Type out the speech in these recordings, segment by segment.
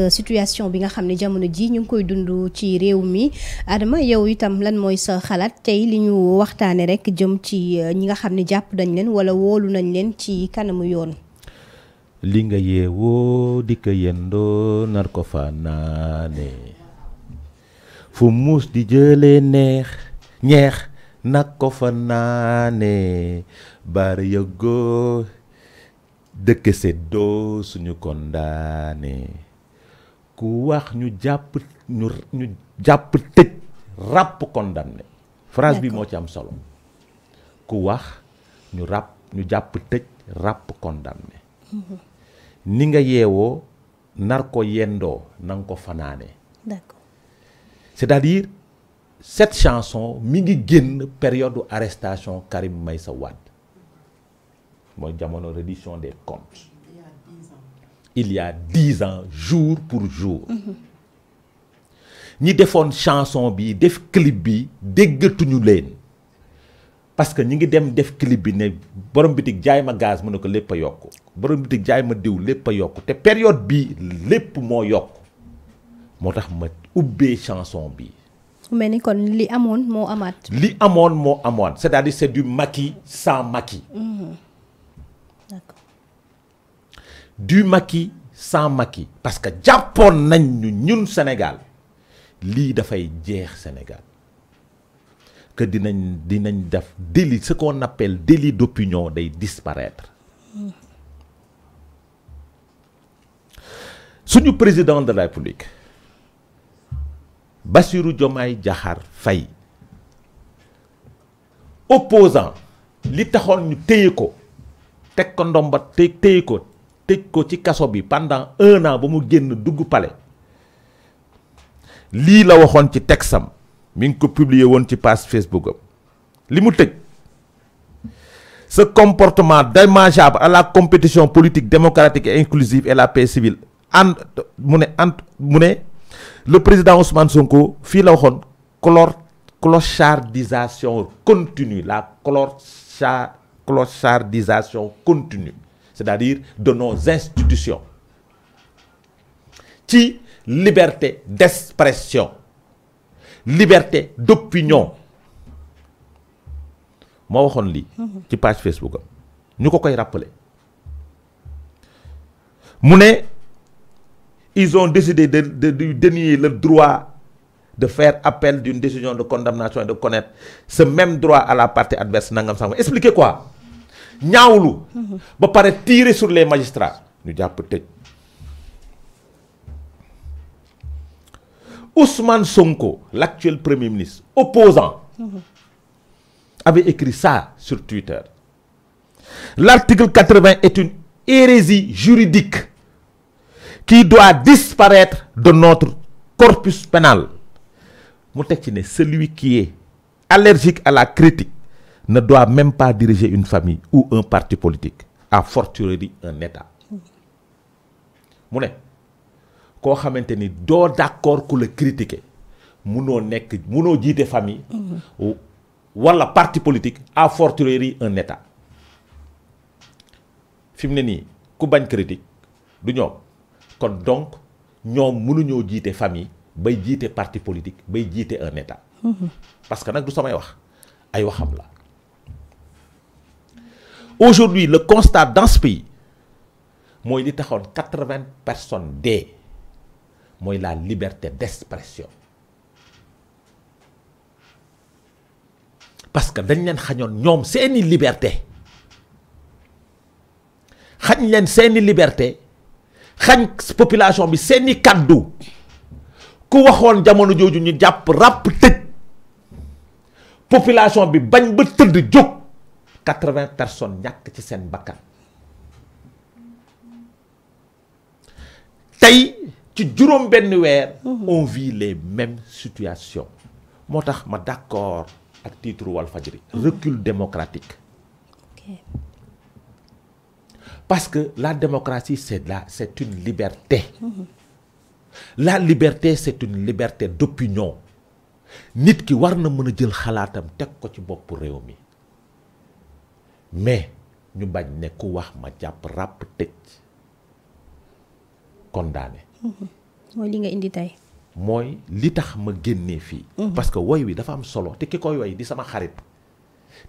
ak euh, situation bi nga xam ne jamono ji ñu ngi koy dund ci réew mi Adama yow itam lan mooy sa xalaat tey li ñu waxtaane rek jëm ci euh, ñi nga xam ne jàpp dañ leen wala woolu nañ leen ci kanamu yoon li nga yeewoo di ko yendoo nar ko fa naane fu muus di jëlee neex ñeex nag ko fa naane baar yëgoo dëkk seddoo suñu kondaane ku wax ñu japp ñu ñu japp tej rap condamné phrase bi mo ci am solo ku wax ñu rap ñu japp tej rap condamné mhm. ni nga yéwo nar ko yendoo na ko fanané d'accord c'est-à-dire cette chanson mi ngi génn période arrestation Karim maysa Wade moy jamono reddition des comptes il y a dix ans jour pour jour ni defoon chanson bi clip bi parce que nous avons dem def clip bi ne borom bitig jaay ma gaz ko borom bitik jaay ma période bi ma chanson bi ni kon li li c'est-à-dire c'est du maquis sans maquis mhm. d'accord du maquis sans maquis. parce que jàppoon nañ ñu ñun Sénégal da fay jeex Sénégal que dinañ dinañ def délit ce qu'on appelle délit d'opinion day disparaître suñu président de la République Bassirou Diomaye Diakhar Faye opposant li taxone ñu téye ko ko ndomba te téye côté ko ci kasso bi pendant un an vous mu génn dugg palais lii la waxoon ci texte mi ngi ko publier woon ci page Facebook am li mu ce comportement dommageable à la compétition politique démocratique et inclusive et la paix civile and mu ne and mu le président Ousmane Sonko fii la waxoon clor clochardisation continue la clochardisation continue c'est-à-dire de nos institutions Qui liberté d'expression liberté d'opinion moo waxoon sur la page Facebook Nous, rappeler ils ont décidé de de dénier le droit de faire appel d'une décision de condamnation et de connaître ce même droit à la partie adverse expliquez quoi ñaawlu ba pare tirer sur les magistrats ñu peut Ousmane Sonko l'actuel premier ministre opposant avait écrit ça sur Twitter l'article 80 est une hérésie juridique qui doit disparaître de notre corpus pénal mu celui qui est allergique à la critique ne doit même pas diriger une famille ou un parti politique à fortiori un état mu ne que xamante ni doo d'accord pour le critiquer munoo nekk des familles famille mm-hmm. wala parti politique a fortiori un état si on ne nii ku bañ critique du ñoom kon donc ñoom mënuñoo jiite famille bay parti politique bay jiite un état mm-hmm. parce que nak du samay wax ay waxam la aujourd'hui le constat dans ce pays il li y a 80 personnes dee mooy la liberté d'expression parce que dañ leen Que c'est une liberté xañ c'est une liberté la population bi ni cadeau. ku waxoon jamono joju ñu japp rap tëj population bi bañ ba tëdd 80 personnes ñak ci sen bakkan tay ci juroom benn weer mhm. on vit les mêmes situations moo tax ma d'accord ak titre Walfadjri recul démocratique parce que la démocratie c'est là c'est une liberté mhm. la liberté c'est une liberté d'opinion nit ki war na mën a jël xalaatam teg ko ci bopp réew mi mais ñu bañ ne ku wax ma jàpp ràpp tëj condamné. Mm-hmm. mooy li nga indi tey. mooy li tax ma génnee fii. Mm-hmm. parce que woy wi dafa am solo te ki koy woy di sama xarit.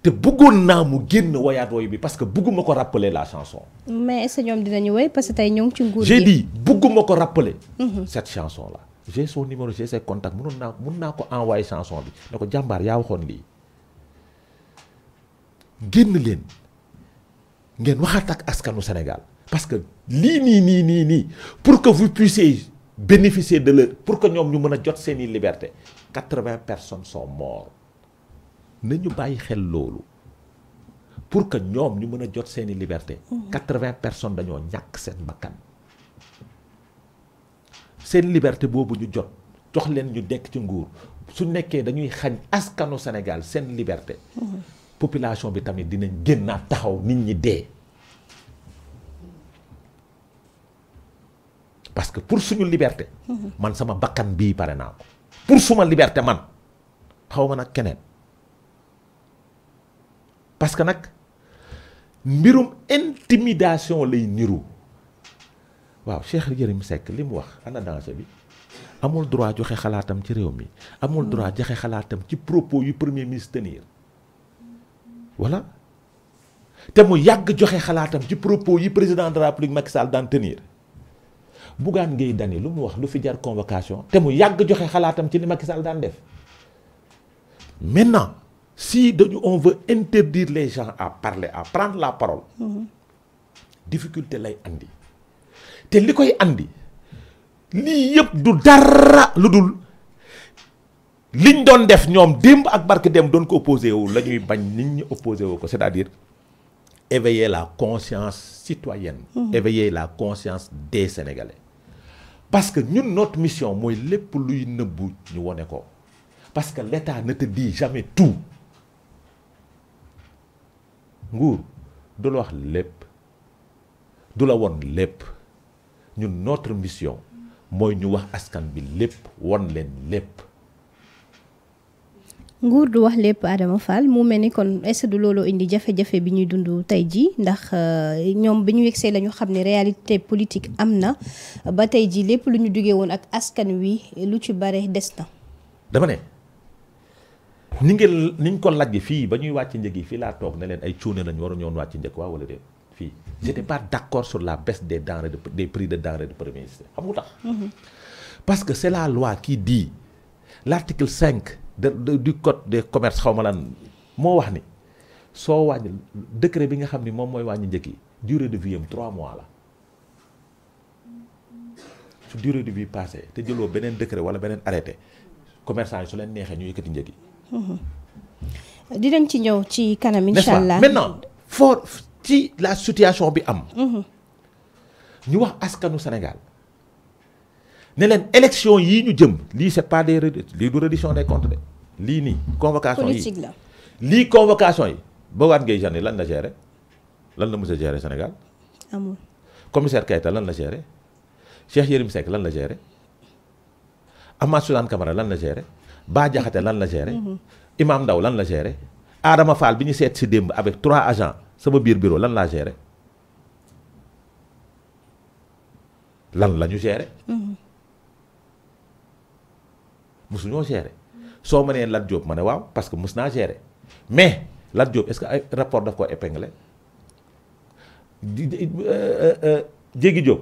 te bëggoon naa mu génn woyaat woy bi parce que bëgguma ko rappeler la chanson. mais est ñoom dinañu woy parce que tey ñoo ngi ci nguur gi. j'ai bëgguma ko rappeler. Mm-hmm. cette chanson là. j'ai son numéro j'ai ses contacts mënoon naa naa ko envoyé chanson bi ne ko jàmbaar yaa waxoon lii. génn leen ngeen waxaat Sénégal parce que pour que vous puissiez bénéficier de leur pour que nous ñu mën liberté 80 personnes sont mortes nañu bàyyi xel loolu pour que ñoom ñu mën jot liberté 80 personnes dañoo ñàkk seen bakkan liberté boobu ñu jot jox leen ñu nekk ci nguur su nekkee dañuy Sénégal liberté population bi tamit dinañ génnaat taxaw nit ñi dee parce que pour suñu liberté. man sama bakkan bii pare naa ko. pour suma liberté man xaw ma nag keneen parce que nag mbirum intimidation lay niru waaw Cheikh Yérim Seck li mu wax ana danger bi amul droit joxe xalaatam ci réew mi amul droit joxe xalaatam ci propos yu premier ministre tenir voilà te mu yàgg joxe xalaatam ci propos yi président de la république Macky Sall daan tenir Bougane Gueye Dany lu qu'il wax lu fi jar convocation Et il yàgg joxe xalaatam ci li Macky Sall daan def maintenant si on veut interdire les gens à parler à prendre la parole difficulté lay andi te li koy andi li yëpp du dara lu liñ doon def ñoom démb ak barke dem doon ko opposé wu la ñuy bañ nit ñi opposé wu ko c'est-à-dire éveiller la conscience citoyenne mmh. éveiller la conscience des Sénégalais parce que ñun notre mission mooy lépp luy nëbbu ñu wone ko parce que l'État ne te dit jamais tout nguur du la wax lépp du la won lépp ñun notre mission mooy ñu wax askan bi lépp won leen lépp nguur du wax lépp Adama Fall mu mel ni kon est-ce du looloo indi jafe-jafe bi ñuy dund tey jii ndax euh, ñoom bi ñu yegsee la ñu xam ne réalité politique am na ba tey jii lépp lu ñu duggee woon ak askan wi lu ci bare des na. dama ne ni ngeen ni ñu ko fii ba ñuy wàcc njëg yi fii laa toog ne leen ay cuune lañu waroon ñoon wàcc njëg waaw wala déet fii j'étais pas d'accord sur la baisse des denrées de prix des denrées de première nécessité xam nga tax. Mm-hmm. parce que c'est la loi qui dit. l'article 5 de, de, du code des commerces xawma lan mo wax ni so wañ décret bi nga xamni mom moy wañ ndiek yi durée de vie am 3 mois la su durée de vie passé te jëlo benen décret wala benen arrêté commerçant yi su len nexé ñu yëkëti ndiek yi. Mm-hmm. dinañ ci ñëw ci kanam inshallah allah maintenant for ci la situation bi am. Mm-hmm. ñu wax askanu Sénégal. ne leen élection ñu jëm c'est pas des reddition des comptes convocation yi convocation yi ngay lan la lan la Sénégal commissaire kayta lan la gérer Cheikh Yérim Seck lan la gérer Suzanne Camara lan la gérer bah lan la mhm. Imam lan la Adama Fall avec trois agents sama bir bureau lan la gérer lan la mhm. musuñoo gérer soo ma nee Lat Diop ma ne waaw parce que mus naa gérer mais Lat Diop est-ce que ay rapport daf ko épinglé euh, euh, euh, Jéggi Diop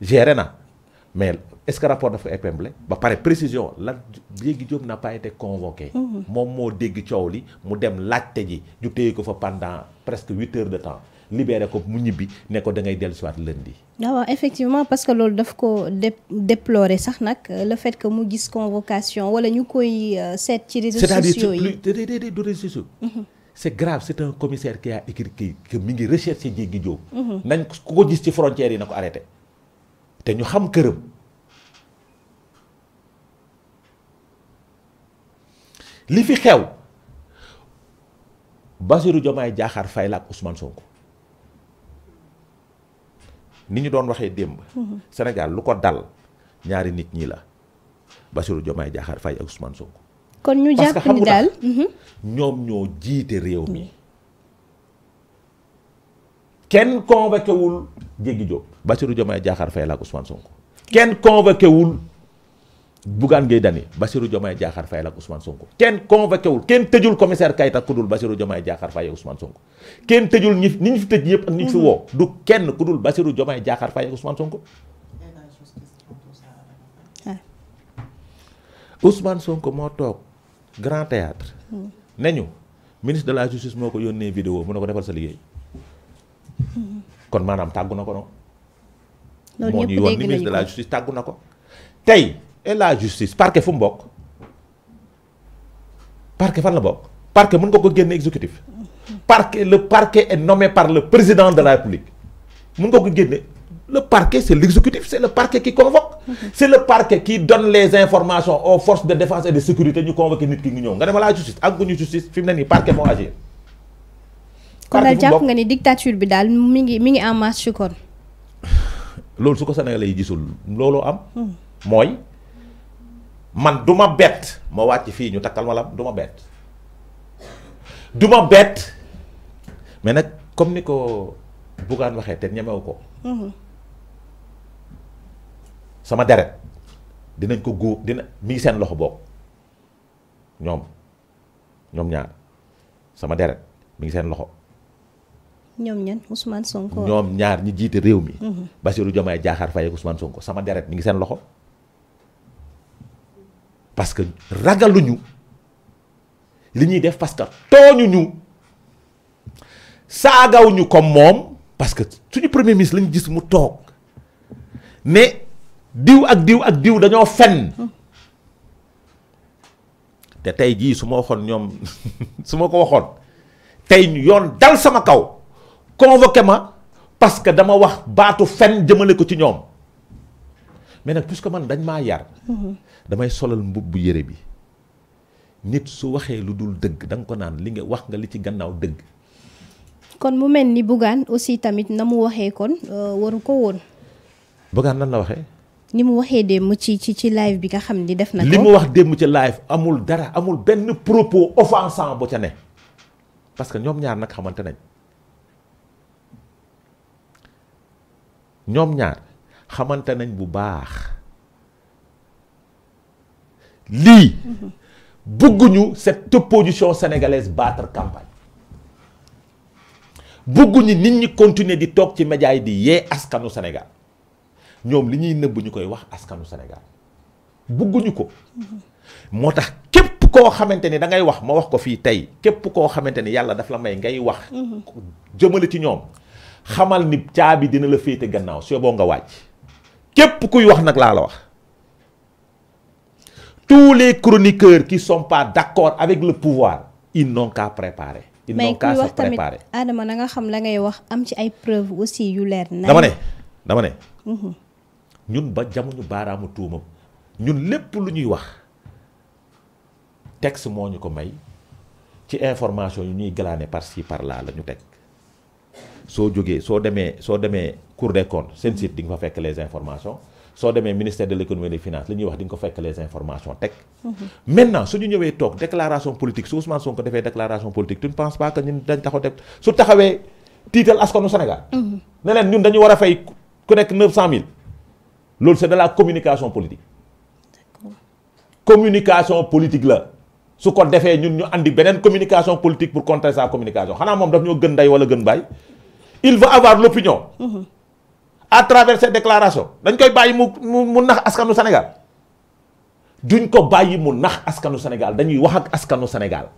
gérer na. mais est-ce que rapport fait épinglé ba pare précision la, Biégi Diop n'a pas été convoqué Mon mhm. mot dégg coow li mu dem laajte ji ñu ko fa pendant presque 8 heures de temps libéré ko mu ñibbi ne ko da ngay lundi. Ah waaw effectivement parce que l'on daf ko déplorer sax que le fait que mu gis convocation wala ñu koy euh, seet ci réseaux c'est-à-dire du mhm. c'est grave c'est un commissaire qui a écrit que nous ngi recherché Biégi Diop mhm. nañ ko gis ci frontières yi na te ñu xam këram li fi xew basiru Diomaye Diakhar Faye la ak Ousmane Sonko ni ñu doon waxee démb. senegal lu ko dal ñaari nit ñi la basiru Diomaye Diakhar Faye ak Ousmane Sonko. parce que xam mhm. ñoom ñoo jiite réew mi. kenn convoqué wul Jéggi Diop Bassirou Diomaye Diakhar Faye la ak Ousmane Sonko kenn convoqué wul Bougane Gueye Dany Bassirou Diomaye Diakhar Faye la ak Ousmane Sonko kenn convoqué wul kenn tëjul commissaire Kayta ku dul Bassirou Diomaye Diakhar Faye ak Ousmane Sonko kenn tëjul ñi ñi ñu fi tëj yëpp ak ñu fi mhm. woo du kenn ku dul Bassirou Diomaye Diakhar Faye ak Ousmane Sonko Ousmane Sonko moo toog Grand Théâtre mm. ne ñu ministre de la justice moo ko yónnee vidéo mu ne ko defal sa liggéey kon manam tàggu na ko non. loolu ñëpp dégg nañu ko ministre de la justice tàggu na ko. tey et la justice parquet fu mu bokk parquet fan la bok, parquet mën nga ko génne exécutif. parquet le parquet est nommé par le président de la république mën nga ko Le parquet, c'est l'exécutif, c'est le parquet qui convoque. C'est le parquet qui donne les informations aux forces de défense et de sécurité. Nous convoque les gens qui nous Nous la justice. Nous justice. Nous parquet pour agir. kon daal jàpp nga ni dictature bi dal mi ngi mi ngi en marche ci kon. loolu suko Sénégalais yi gisul am. moy hmm. man duma ma mo wacc fi ñu takal ma duma bet duma bet mais nak comme niko bugan té ñamé ko. Hmm. sama deret dinañ ko góo dina mi sen loxo bok ñom ñom ñaar sama deret mi ngi sen loxo ñom ñan Ousmane Sonko ñom ñaar ñi jité réew mi mhm. Bassirou Diomaye Diakhar Faye Ousmane Sonko sama deret mi ngi sen loxo parce que ragaluñu li ñi def parce que tooñuñu saagawuñu comme mom parce que suñu premier ministre lañu gis mu tok ne diw ak diw ak diw dañoo fenn te tey jii su ma waxoon ñoom su ma ko waxoon tey yoon dal sama kaw convoqué ma parce que dama wax baatu fen jëmale ko ci ñoom mais nag ko man dañ maa yar. damay solal mbub bu yére bi nit su waxee lu dul dëgg danga ko naan li nga wax nga li ci gannaaw dëgg. kon mu mel ni buggaan aussi tamit na mu waxee kon euh, waru ko woon. Bougane nan la waxee. ni mu waxee démb ci ci ci live bi nga xam ni def na ko. li mu wax démb ci live amul dara amul benn propos offensant bu ca ne parce que ñoom ñaar nag xamante nañ. Nyom ñaar xamante nañ bu baax lii bugguñu cette opposition sénégalaise battre campagne bugguñu nit ñi continuer di toog ci média yi di yee askanu sénégal ñoom li ñuy nëbb ñu koy wax askanu sénégal bugguñu ko moo tax képp koo xamante ni da ngay wax ma wax ko fii tey képp daf la may ngay wax mm-hmm. ci xamal ni caabi dina la féete gannaaw so bo nga wàcc képp kuy wax nak la la wax tous les chroniqueurs qui sont pas d'accord avec le pouvoir ils n'ont qu'à préparer ils n'ont qu'à se préparer mais Adama na nga xam la ngay wax am ci ay preuves aussi yu leer dama ne dama ne mhm. ñun ba jamono baramu tuumam ñun lepp lu ñuy wax texte moñu ko may ci information yu ñuy galaane par ci par là la ñu soo jógee soo demee soo demee cour des comptes seen site di nga fa fekk les informations soo demee ministère de l' économie et des finances li ñuy wax di nga ko fekk les informations teg. Mhm. maintenant su ñu ñëwee toog déclaration politique su Ousmane Sonko defee déclaration politique tu ne penses pas que ñun dañ taxaw mhm. ñun dañu war a fay ku nekk 900000. loolu c' est de la communication politique. communication politique la. su ko defee ñun ñu andi beneen communication politique pour contrer sa communication xanaa moom daf ñoo gën ndey wala gën baay. il va avoir l'opinion à travers cette déclarations dañ koy Baye mu mu nax askanu Sénégal duñ ko Baye mu nax askanu Sénégal dañuy wax ak askanu Sénégal.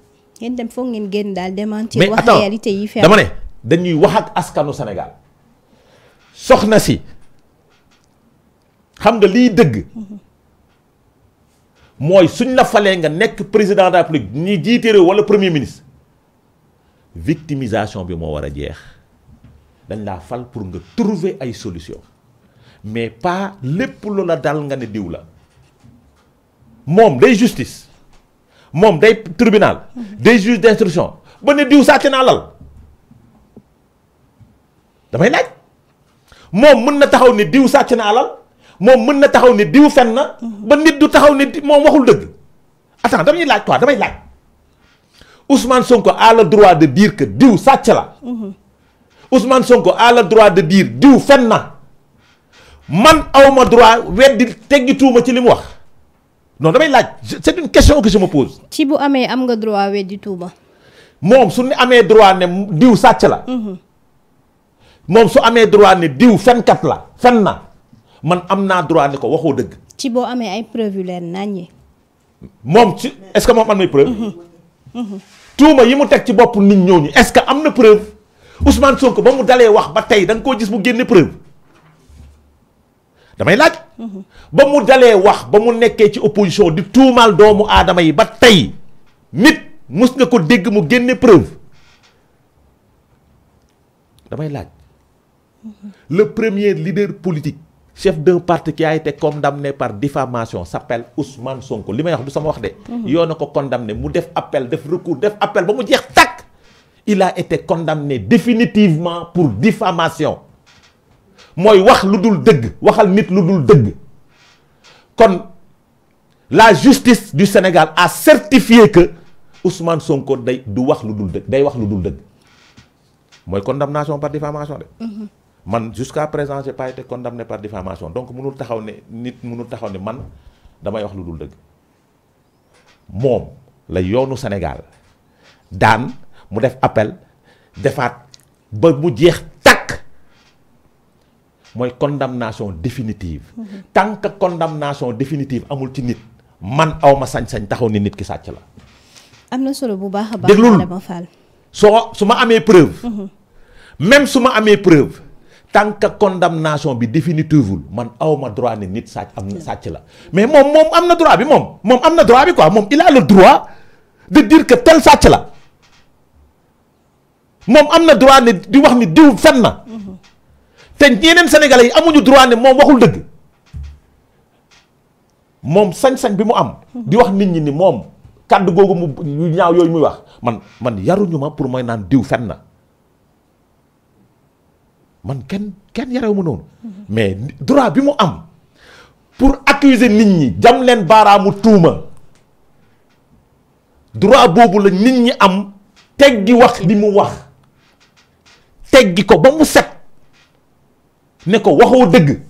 dem fo ngeen dal démentir. mais wax réalité yi dama ne dañuy wax ak askanu Sénégal soxna si xam nga suñ président de la République ñi wala premier ministre victimisation bi moo dañ la fal pour trouver une solution mais pas les lu la dal nga ne diw la justice mom day tribunal mhm. des juge d'instruction ba ne diw sàcc lal damay laaj mom mën na taxaw ni diw na taxaw ne diw fen mhm. ba nit du taxaw ne mom waxul deug attends damay laaj toi damay laaj Ousmane Sonko a le droit de dire que diw ça la mhm. Ousmane Sonko a le droit de dire diou fenna man awma droit weddi teggi ci lim wax non damay laaj c'est une question que je me pose. ci bu amé am nga droit weddi tuuma. mom su ñu amee droit ne diou sàcc la. mom mhm. su amé droit ne diw kat la fenna man amna droit ne ko waxo deug ci boo amé ay preuve yu leer naññi. moom est-ce que moom am nay preuve. Mhm. Mhm. tuuma yimu mu ci bop nit ñooñu est-ce que amna na preuve. Ousmane Sonko ba mu dalee wax ba tey da nga koo gis mu génne preuve damay laaj. ba mu dalee wax ba mu nekkee ci opposition di tuumaal doomu aadama yi ba tey nit mus nga ko dégg mu génne preuve damay laaj. le premier leader politique chef d'un parti qui a été condamné par diffamation s'appelle Ousmane Sonko li may wax du sama wax de. Mhm. yoon na ko condamné mu def appel def recours def appel ba mu jeex tàkk il a été condamné définitivement pour diffamation Moi, wax lu la justice du Sénégal a certifié que Ousmane Sonko day du wax moi condamnation par diffamation mhm. man jusqu'à présent n'ai pas été condamné par diffamation donc mënul taxaw ne nit mënul taxaw ne man wax la Sénégal dan mu def appel defaat ba mu jeex takk mooy condamnation définitive mhm. tant que condamnation définitive amul ci nit man awma sañ-sañ taxaw ni nit ki sàcc la am na solo bu baax a baax déglul soo su ma amee preuve mhm. même su ma amee preuve tant que condamnation bi définitivewul man awma droit ni nit sàcc am na mhm. sàcc la mais moom moom am na droit bi moom moom am na droit bi quoi moom il a le droit de dire que tel sàcc la mom amna droit ni di wax ni diw fenna te ñeneen sénégalais yi amuñu droit ni mom waxul dëgg mom sañ-sañ bi mu am di wax nit ñi ni mom kaddu gogu mu ñaaw yoy muy wax man man yaruñu ma pour may naan diw fenna man ken ken yaraw mu non mais droit bi mu am pour accuser nit ñi jam leen baaraamu tuuma droit bobu la nit ñi am teggi wax li mu wax teggi ko ba mu set ne ko waxoo dëgg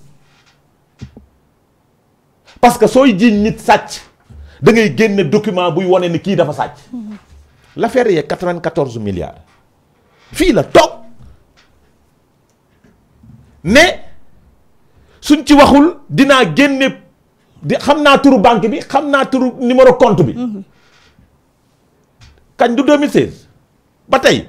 parce que sooy jiiñ nit sàcc da ngay génne document buy wane ni kii dafa sàcc l'affaire yee 94 milliards fii la toog ne suñ ci waxul dinaa génne di xam naa turu banque bi xam naa turu numéro compte bi mhm. kañ du 2016 ba tey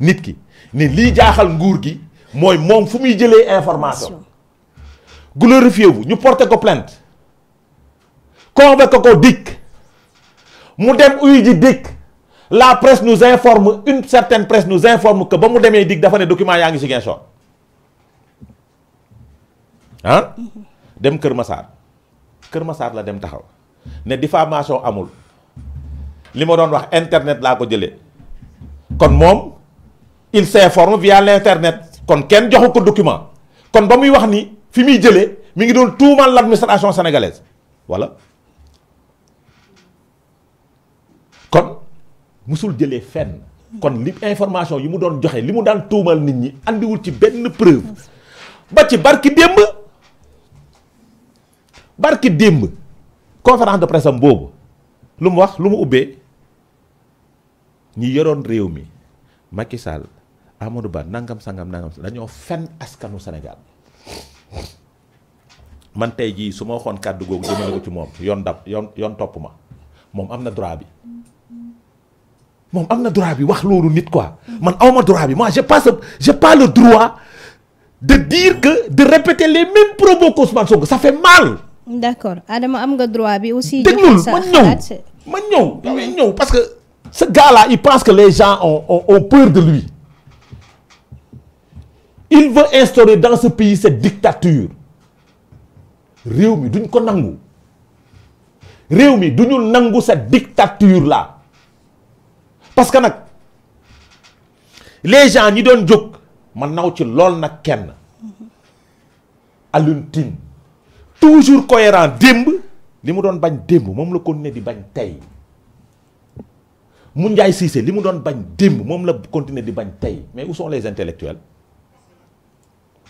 nit ki ne li jaaxal nguur gi moy mom fu muy information vous ñu porter ko plainte mu dem la presse nous informe une certaine presse nous informe que ba mu démé documents, dafa né document yaangi hein? dem keur Massar keur Massar la dem taxaw ne diffamation amul li ma doon wax internet la ko kon il s'informe via l'internet kon ken joxu document kon bamuy wax ni fi muy jëlee mi ngi don toumal l'administration sénégalaise voilà kon musul jëlee fenn kon li information yi mu don joxe li mu daan ni nit ñi andiwul ci benn preuve ba ci barki demb barki demb conférence de presse bobu lu mu wax lu mu ubbé ñi yoroon réew mi Macky Sall Amadou Ba nangam sangam nangam dañoo fen askanu Sénégal man tay ji suma ma waxoon gog googu jëmale ko ci mom yon dab yon yon topp ma moom droit bi mom amna droit bi wax lolu nit quoi man awma droit bi moi j'ai pas j'ai pas le droit de dire que de répéter les mêmes propos qu'Ousmane Sonko ça fait mal. d'accord Adama am nga droit bi aussi. déglul ma man ma parce que ce gars là il pense que les gens ont ont peur de lui il veut instaurer dans ce pays cette dictature réew mi duñ ko nangu réew duñu nangu cette dictature là parce que nak, les gens ñi donnent jóg maintenant naw ci lool nag kenn Alioune toujours cohérent démb li donne doon bañ démb moom la continuer di bañ tey mu Sissé, Cissé li mu doon bañ démb moom la continuer di bañ tey mais où sont les intellectuels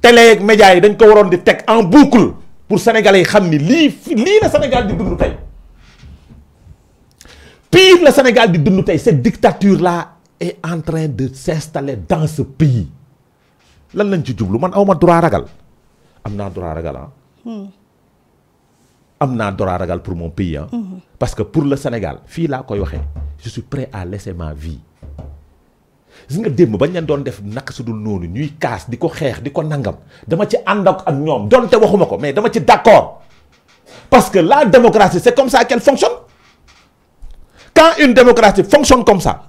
télé et médias yi dañ ko di en boucle pour sénégalais xamni li li Sénégal di dundou tay pire le Sénégal di dundou cette dictature là est en train de s'installer dans ce pays lan lañ ci djublu man awma droit ragal amna droit ragal hein am droit ragal pour mon pays ah. hmm. parce que pour le Sénégal la koy je suis prêt à laisser ma vie gis nga démb bañ leen doon def naka su dul noonu ñuy kaas di ko xeex di ko nangam dama ci ànd ak ak ñoom donte waxuma ko mais dama ci d'accord parce que la démocratie c'est comme ça qu'elle fonctionne quand une démocratie fonctionne comme ça.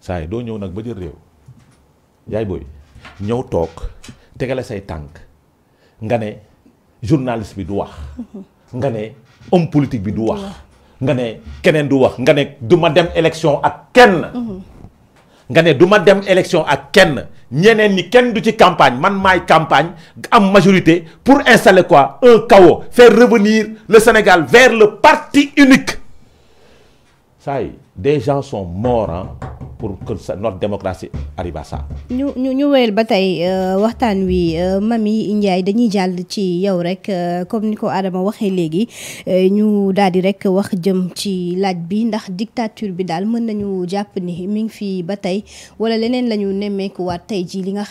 saa yi doo ñëw nag ba jël réew. yaay booy ñëw toog tegale say tànk nga ne journaliste bi du wax. nga ne homme politique bi du wax. nga ne keneen du wax nga ne du ma dem élection ak kenn nga ne du une dem élection ak Ken ñeneen ni kenn du ci campagne man campagne am majorité pour installer quoi un chaos faire revenir le Sénégal vers le parti unique y est. des gens sont morts pour que notre démocratie arrive à ça. ñu ñu ñu wéyal ba tey euh, waxtaan wi euh, Mamy yi dañuy jàll ci yow rek euh, comme ni ko Adama waxee léegi ñu daal di rek wax jëm ci laaj bi ndax dictature bi daal mën nañu jàpp ni mi ngi fii ba tey wala leneen la ñu nemmeekuwaat tey jii li nga